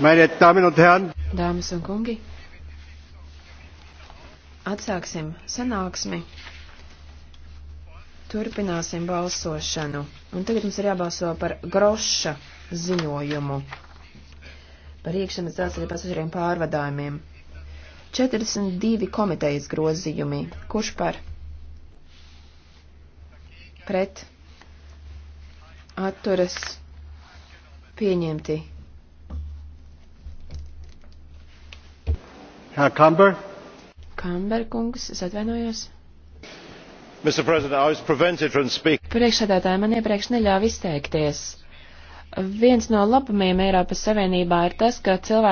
Meine Damen und Herren, Dāmas un kungi, atsāksim sanāksmi. Turpināsim balsošanu. Un tagad mums ir jābalso par groša ziņojumu par iekšzemes dzelzceļa pasažieriem pārvadājumiem. 42 komitejas grozījumi. Kurš par? Pret? Atturas? Pieņemti. Herr Kamber. Kamber kungs, es atvainojos. Priekšsēdētāji man iepriekš neļāva izteikties. Viens no labumiem Eiropas Savienībā ir tas, ka cilvēki